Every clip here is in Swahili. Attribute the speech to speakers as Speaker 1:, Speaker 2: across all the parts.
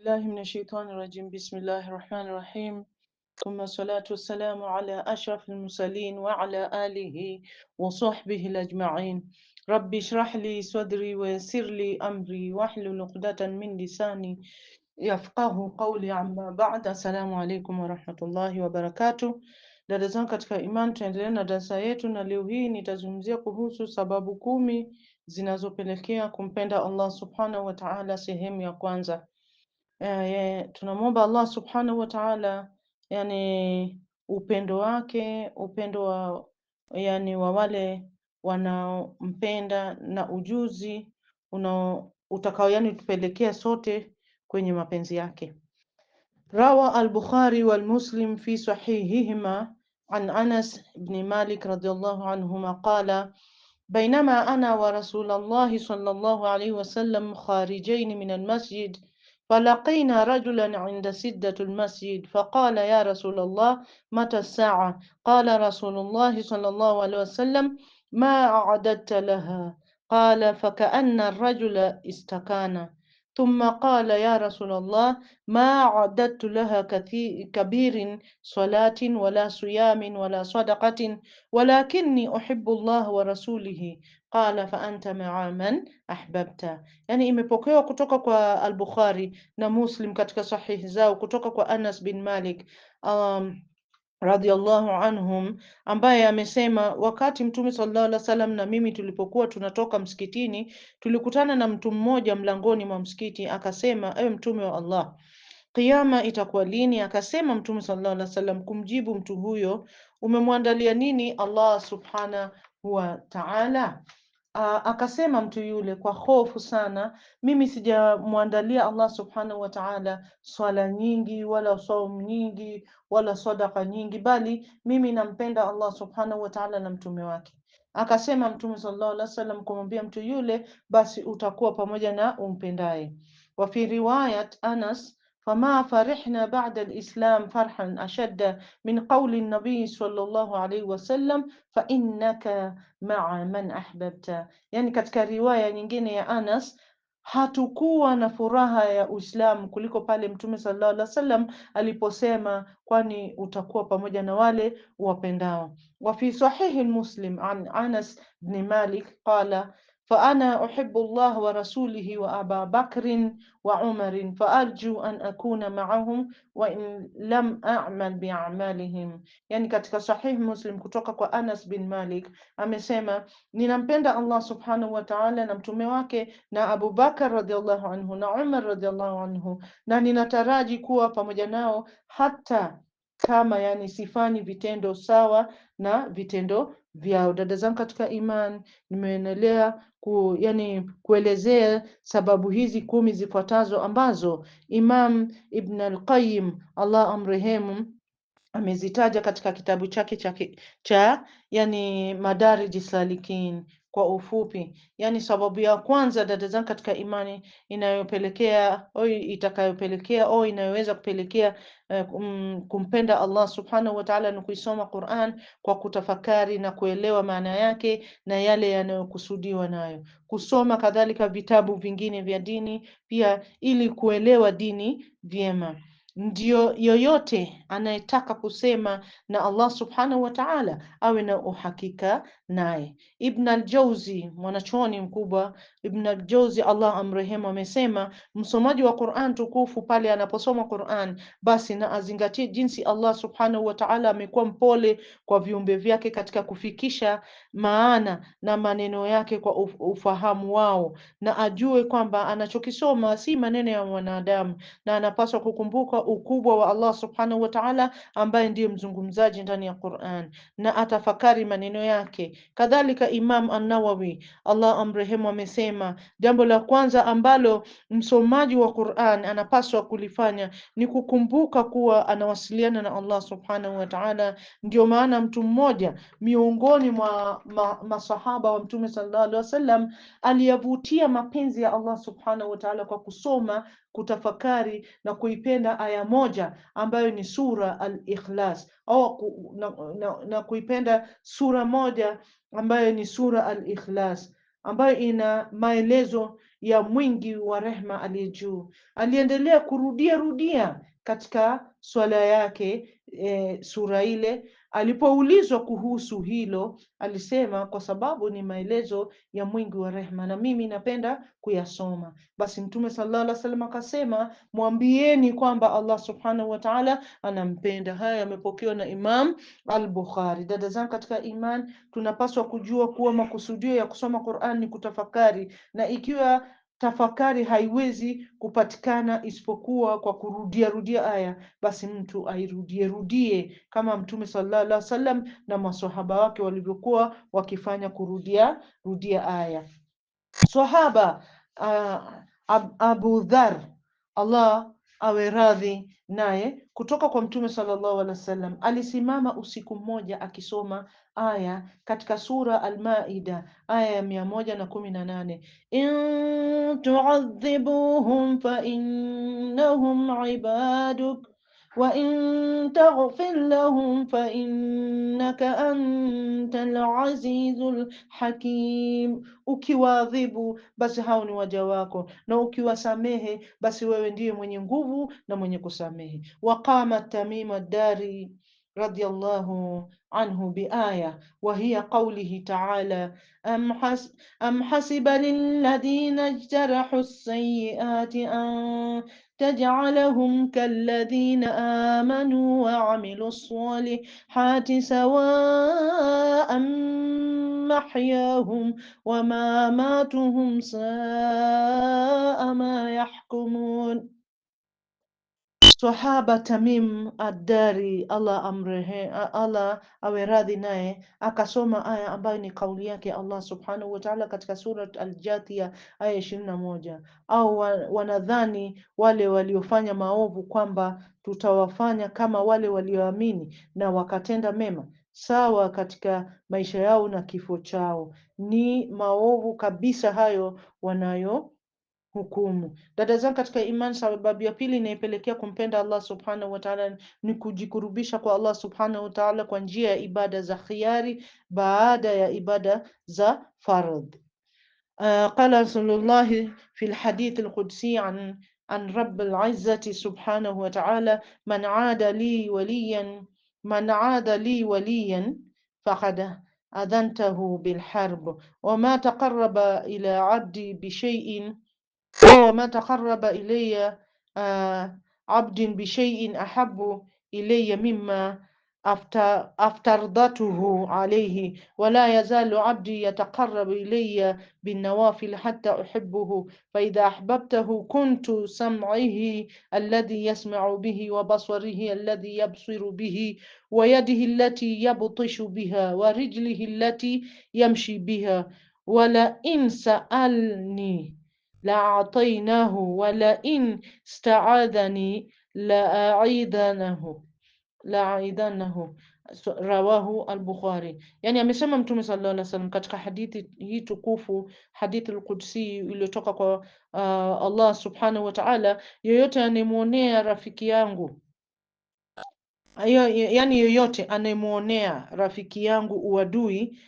Speaker 1: billahi mineşşeytanirracim. Bismillahirrahmanirrahim. Thumma salatu selamu ala ashrafil mursalin ve ala alihi ve sahbihi ecmaîn. Rabbi shrah li sadri ve li amri ve hlul ukdeten min lisani yafqahu qawli amma ba'd. Assalamu alaykum ve rahmetullahi Dada zangu katika iman tunaendelea na darasa yetu, na leo hii nitazungumzia kuhusu sababu kumi zinazopelekea kumpenda Allah subhanahu wa ta'ala, sehemu ya kwanza. Eh, tunamwomba Allah subhanahu wa ta'ala, yani upendo wake, upendo wa yani wa wale wanaompenda na ujuzi unao utakao yani tupelekea sote kwenye mapenzi yake. Rawa al-Bukhari wal Muslim fi sahihihima an Anas ibn Malik radiyallahu anhuma qala bainama ana wa Rasulullah sallallahu alayhi wasallam kharijain min al-masjid فلقينا رجلا عند سدة المسجد فقال يا رسول الله متى الساعة قال رسول الله صلى الله عليه وسلم ما أعددت لها قال فكأن الرجل استكان thumma qala ya Rasulullah ma adadtu laha kabirin salatin wala siyamin wala sadaqatin walakinni uhibbu Allah wa rasulihi qala fa anta maa man ahbabta. Yani imepokewa kutoka kwa al-Bukhari na Muslim katika sahihi zao kutoka kwa Anas bin Malik um, radhiallahu anhum ambaye amesema wakati Mtume sallallahu alaihi wasallam na mimi tulipokuwa tunatoka msikitini, tulikutana na mtu mmoja mlangoni mwa msikiti, akasema: ewe Mtume wa Allah, Kiama itakuwa lini? Akasema Mtume sallallahu alaihi wasallam kumjibu mtu huyo, umemwandalia nini Allah subhanahu wa ta'ala? Uh, akasema mtu yule kwa hofu sana, mimi sijamwandalia Allah subhanahu wa ta'ala swala nyingi wala saumu nyingi wala sadaka nyingi, bali mimi nampenda Allah subhanahu wa ta'ala na mtume wake. Akasema Mtume sallallahu alaihi wasallam kumwambia mtu yule, basi utakuwa pamoja na umpendaye. Wa fi riwayat Anas فما فرحنا بعد الإسلام فرحا أشد من قول النبي صلى الله alaihi wasallam fa innaka maa man ahbabta. Yani katika riwaya nyingine ya Anas hatukuwa na furaha ya Uislamu kuliko pale Mtume sallallahu alaihi wasallam aliposema, kwani utakuwa pamoja na wale wapendao Wa fi sahihi Muslim an Anas bni Malik qala fa ana uhibbu Allah wa rasulihi wa aba bakrin wa umarin faarju an akuna maahum wa in lam amal biamalihim. Yani katika Sahih Muslim kutoka kwa Anas bin Malik amesema, ninampenda Allah subhanahu wa ta'ala na mtume wake na Abu Bakar radhiallahu anhu na Umar radhiallahu anhu, na ninataraji kuwa pamoja nao hata kama yani sifani vitendo sawa na vitendo vyao. Dada zangu katika imani, nimeendelea ku, yani, kuelezea sababu hizi kumi zifuatazo ambazo Imam Ibn al-Qayyim Allah amrehemu amezitaja katika kitabu chake cha, cha yani Madarij Salikin kwa ufupi. Yaani sababu ya kwanza dada zangu katika imani inayopelekea au itakayopelekea au inayoweza kupelekea eh, kumpenda Allah Subhanahu wa Ta'ala ni kuisoma Qur'an kwa kutafakari na kuelewa maana yake na yale yanayokusudiwa nayo. Kusoma kadhalika vitabu vingine vya dini pia ili kuelewa dini vyema. Ndio yoyote anayetaka kusema na Allah subhanahu wa ta'ala awe na uhakika naye. Ibn al-Jauzi, mwanachuoni mkubwa Ibn al-Jauzi, Allah amrehemu, amesema msomaji wa Qur'an tukufu pale anaposoma Qur'an, basi na azingatie jinsi Allah subhanahu wa ta'ala amekuwa mpole kwa viumbe vyake katika kufikisha maana na maneno yake kwa ufahamu wao, na ajue kwamba anachokisoma si maneno ya mwanadamu, na anapaswa kukumbuka ukubwa wa Allah subhanahu wa ta'ala, ambaye ndiye mzungumzaji ndani ya Qur'an na atafakari maneno yake. Kadhalika Imam An-Nawawi Allah amrehemu, amesema jambo la kwanza ambalo msomaji wa Qur'an anapaswa kulifanya ni kukumbuka kuwa anawasiliana na Allah subhanahu wa ta'ala. Ndio maana mtu mmoja miongoni mwa ma, masahaba wa Mtume sallallahu alaihi wasallam aliyavutia mapenzi ya Allah subhanahu wa ta'ala kwa kusoma kutafakari na kuipenda aya moja ambayo ni sura Al-Ikhlas au ku, na, na, na kuipenda sura moja ambayo ni sura Al-Ikhlas ambayo ina maelezo ya mwingi wa rehma aliye juu. Aliendelea kurudia rudia katika swala yake e, sura ile. Alipoulizwa kuhusu hilo, alisema kwa sababu ni maelezo ya mwingi wa rehma na mimi napenda kuyasoma. Basi Mtume sallallahu alaihi wasallam akasema, mwambieni kwamba Allah subhanahu wa ta'ala anampenda. Haya yamepokewa na Imam al-Bukhari. Dada zangu katika iman, tunapaswa kujua kuwa makusudio ya kusoma Qur'an ni kutafakari, na ikiwa tafakari haiwezi kupatikana isipokuwa kwa kurudia rudia aya, basi mtu airudie rudie kama Mtume sallallahu alaihi wasallam na maswahaba wake walivyokuwa wakifanya kurudia rudia aya. Swahaba uh, Abu Dhar Allah awe radhi naye kutoka kwa Mtume sallallahu alaihi wasallam, alisimama usiku mmoja akisoma aya katika sura almaida aya ya mia moja na kumi na nane in tuadhibuhum fa innahum ibaduk وإن تغفر لهم فإنك أنت العزيز الحكيم, ukiwaadhibu basi hao ni waja wako, na ukiwasamehe basi wewe ndiye mwenye nguvu na mwenye kusamehe. Waqama tamima dari رضي الله عنه بآية وهي قوله تعالى أم, حس أم حسب للذين اجترحوا السيئات أن تجعلهم كالذين آمنوا وعملوا الصالحات سواء محياهم ومماتهم ساء ما يحكمون sahaba Tamim adari Allah amrehe, Allah awe radhi naye akasoma aya ambayo ni kauli yake Allah subhanahu wa ta'ala katika Surat al jathiya aya ishirini na moja au wanadhani wale waliofanya maovu kwamba tutawafanya kama wale walioamini na wakatenda mema sawa katika maisha yao na kifo chao. Ni maovu kabisa hayo wanayo hukumu. Dada zangu katika imani, sababu ya pili inayopelekea kumpenda Allah subhanahu wa ta'ala ni kujikurubisha kwa Allah subhanahu wa ta'ala kwa njia ya ibada za khiari baada ya ibada za fardh. Uh, ah, qala Rasulullahi fi lhadith alqudsi an an rabbil izzati subhanahu wa ta'ala man aada li waliyan man aada li waliyan faqad adhantahu bilharb wa ma taqarraba ila abdi bishay'in وما آه، تقرب إلي آه، عبد بشيء أحب إلي مما أفترضته عليه ولا يزال عبدي يتقرب إلي بالنوافل حتى أحبه فإذا أحببته كنت سمعه الذي يسمع به وبصره الذي يبصر به ويده التي يبطش بها ورجله التي يمشي بها ولئن سألني la'atainahu wa in sta'adhani la'aidanahu la'aidanahu rawahu al-Bukhari. Yani amesema Mtume sallallahu alaihi wasallam katika hadithi hii tukufu, hadithi al-Qudsi iliyotoka kwa uh, Allah subhanahu wa ta'ala, yoyote anemuonea rafiki yangu Ayo, yani yoyote anemuonea rafiki yangu uadui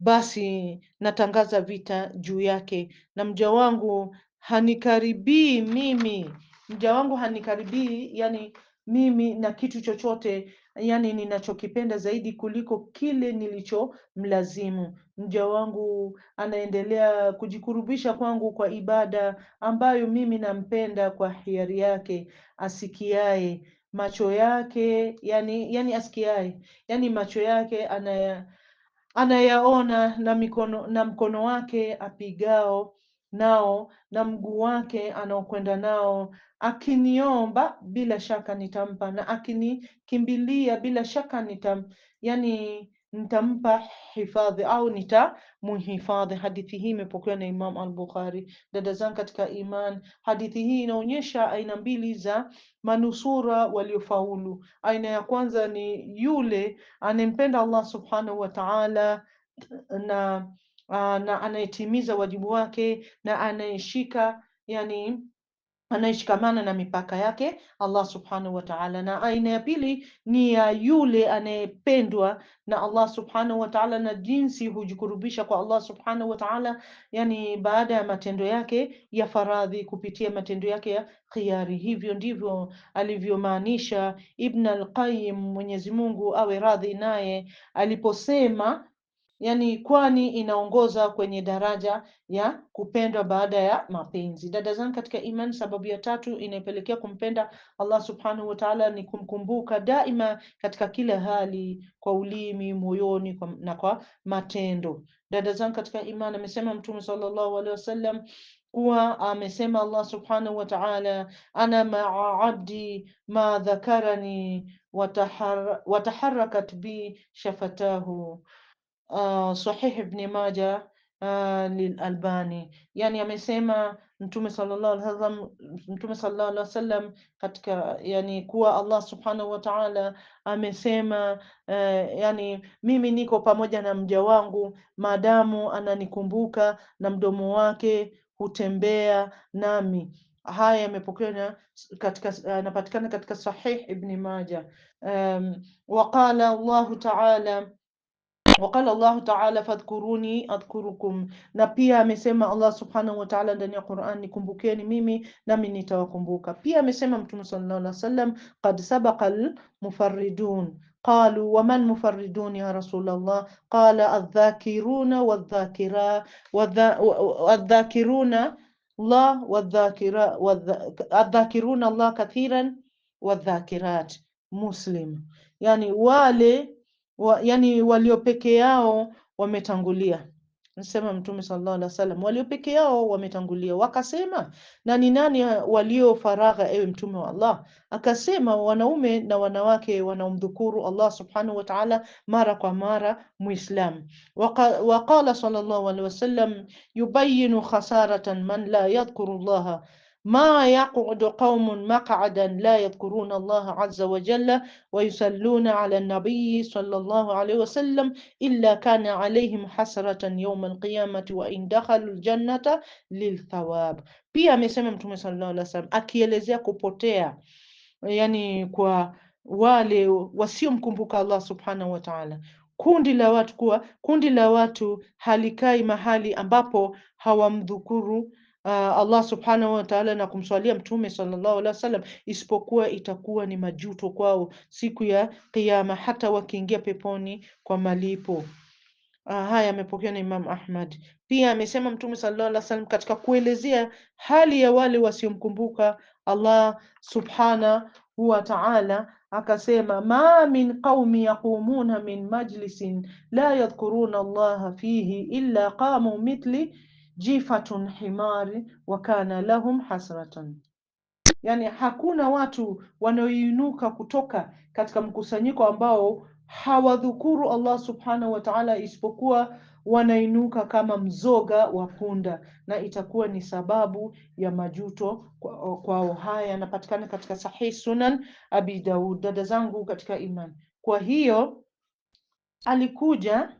Speaker 1: basi natangaza vita juu yake, na mja wangu hanikaribii mimi, mja wangu hanikaribii, yani mimi na kitu chochote yani ninachokipenda zaidi kuliko kile nilichomlazimu. Mja wangu anaendelea kujikurubisha kwangu kwa ibada ambayo mimi nampenda kwa hiari yake, asikiaye macho yake yani, yani asikiaye yani macho yake anaya anayaona na mikono na mkono wake apigao nao na mguu wake anaokwenda nao. Akiniomba bila shaka nitampa, na akinikimbilia bila shaka nitam, yani nitampa hifadhi au nitamhifadhi. Hadithi hii imepokewa na Imam al-Bukhari. Dada zangu katika iman, hadithi hii inaonyesha aina mbili za manusura waliofaulu. Aina ya kwanza ni yule anayempenda Allah subhanahu wa ta'ala na, na anayetimiza wajibu wake na anayeshika yani anayeshikamana na mipaka yake Allah subhanahu wa ta'ala, na aina ya pili ni ya yule anayependwa na Allah subhanahu wa ta'ala na jinsi hujikurubisha kwa Allah subhanahu wa ta'ala, yani baada ya matendo yake ya faradhi kupitia matendo yake ya khiyari. Hivyo ndivyo alivyomaanisha Ibn al-Qayyim, Mwenyezi Mungu awe radhi naye, aliposema yani kwani inaongoza kwenye daraja ya kupendwa baada ya mapenzi. Dada zangu katika imani, sababu ya tatu inayopelekea kumpenda Allah subhanahu wa ta'ala ni kumkumbuka daima katika kila hali, kwa ulimi, moyoni na kwa matendo. Dada zangu katika imani, amesema Mtume sallallahu alaihi wasallam kuwa amesema Allah subhanahu wa ta'ala, ana maa abdi ma dhakarani wataharakat bi shafatahu Ah, Sahih Ibn Majah uh, lilalbani, yani amesema Mtume sallallahu alaihi wasallam Mtume sallallahu alaihi wasallam katika yani kuwa Allah subhanahu wa ta'ala amesema eh, yani mimi niko pamoja na mja wangu maadamu ananikumbuka na mdomo wake hutembea nami. Haya yamepokewa katika anapatikana katika Sahih Ibn Majah. Um, waqala Allahu ta'ala Waqala Allahu taala fadhkuruni adhkurukum, na pia amesema Allah subhanahu wa taala ndani ya Quran, nikumbukeni mimi nami nitawakumbuka. Pia amesema Mtume sallallahu alaihi wasallam, qad sabaqal mufarridun qalu waman mufarridun ya Rasulullah, qala adh-dhakiruna wadh-dhakira wadh-dhakiruna Allah wadh-dhakira adh-dhakiruna Allah kathiran wadh-dhakirat Muslim, yani wale wa, yani walio peke yao wametangulia Nasema Mtume sallallahu alaihi wasallam, walio peke yao wametangulia. Wakasema, na ni nani walio faragha, ewe Mtume wa Allah? Akasema, wanaume na wanawake wanaomdhukuru Allah subhanahu wa ta'ala mara kwa mara Muislam. Waqala sallallahu alaihi wasallam, yubayinu khasaratan man la yadhkuru llaha ma yaqudu qaumun maqadan la yadhkuruna Allah azza wa jalla wa yusalluna ala nabii sallallahu alayhi wasallam illa kana alayhim hasratan yawma alqiyamati wa in dakhalu aljannata lilthawab. Pia amesema Mtume sallallahu alayhi wasallam akielezea kupotea, yani kwa wale wasiomkumbuka Allah subhanahu wa ta'ala kundi la watu kuwa kundi la watu halikai mahali ambapo hawamdhukuru Ah, Allah subhanahu wa ta'ala na kumswalia Mtume sallallahu alaihi wasallam, isipokuwa itakuwa ni majuto kwao siku ya Kiyama, hata wakiingia peponi kwa malipo. Ah, haya yamepokea na Imam Ahmad. Pia amesema Mtume sallallahu alaihi wasallam katika kuelezea hali ya wale wasiomkumbuka Allah subhanahu wa ta'ala akasema ma min qaumi yaqumuna min majlisin la yadhkuruna Allaha fihi illa qamu mithli jifatun himari wakana lahum hasratan, yani hakuna watu wanaoinuka kutoka katika mkusanyiko ambao hawadhukuru Allah subhanahu wa ta'ala, isipokuwa wanainuka kama mzoga wa punda, na itakuwa ni sababu ya majuto kwao. Kwa haya yanapatikana katika Sahih Sunan Abi Daud. Dada zangu katika iman kwa hiyo alikuja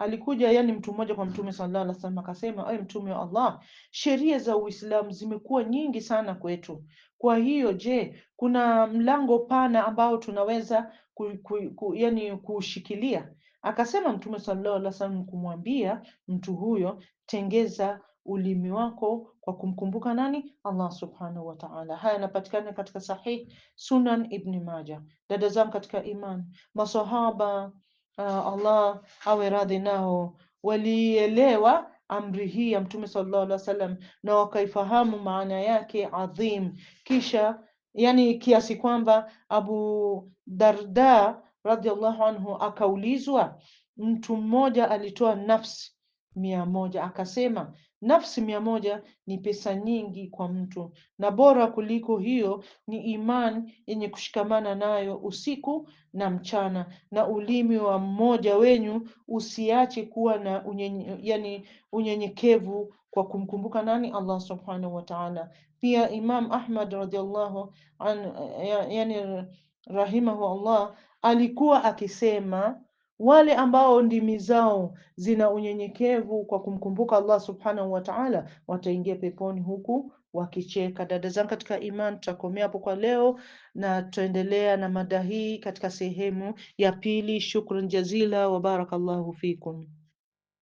Speaker 1: alikuja yani mtu mmoja kwa mtume sallallahu alaihi wasallam akasema, ewe mtume wa Allah, sheria za Uislamu zimekuwa nyingi sana kwetu. Kwa hiyo je, kuna mlango pana ambao tunaweza ku, ku, ku, yani kushikilia? Akasema mtume sallallahu alaihi wasallam kumwambia mtu huyo, tengeza ulimi wako kwa kumkumbuka nani? Allah subhanahu wa ta'ala. Haya yanapatikana katika Sahih Sunan Ibn Majah. Dada zangu katika iman, masahaba Uh, Allah awe radhi nao. Walielewa amri hii ya Mtume sallallahu alaihi wasallam na wakaifahamu maana yake adhim, kisha yani kiasi kwamba Abu Darda radhiallahu anhu akaulizwa, mtu mmoja alitoa nafsi mia moja akasema Nafsi mia moja ni pesa nyingi kwa mtu, na bora kuliko hiyo ni iman yenye kushikamana nayo usiku na mchana. Na ulimi wa mmoja wenyu usiache kuwa na unyenye, yani unyenyekevu kwa kumkumbuka nani? Allah subhanahu wa ta'ala. Pia Imam Ahmad radhiallahu an, yani rahimahu Allah alikuwa akisema wale ambao ndimi zao zina unyenyekevu kwa kumkumbuka Allah subhanahu wa ta'ala, wataingia peponi huku wakicheka. Dada zangu katika iman tutakomea hapo kwa leo na tutaendelea na mada hii katika sehemu ya pili. Shukran jazila wa barakallahu fikum.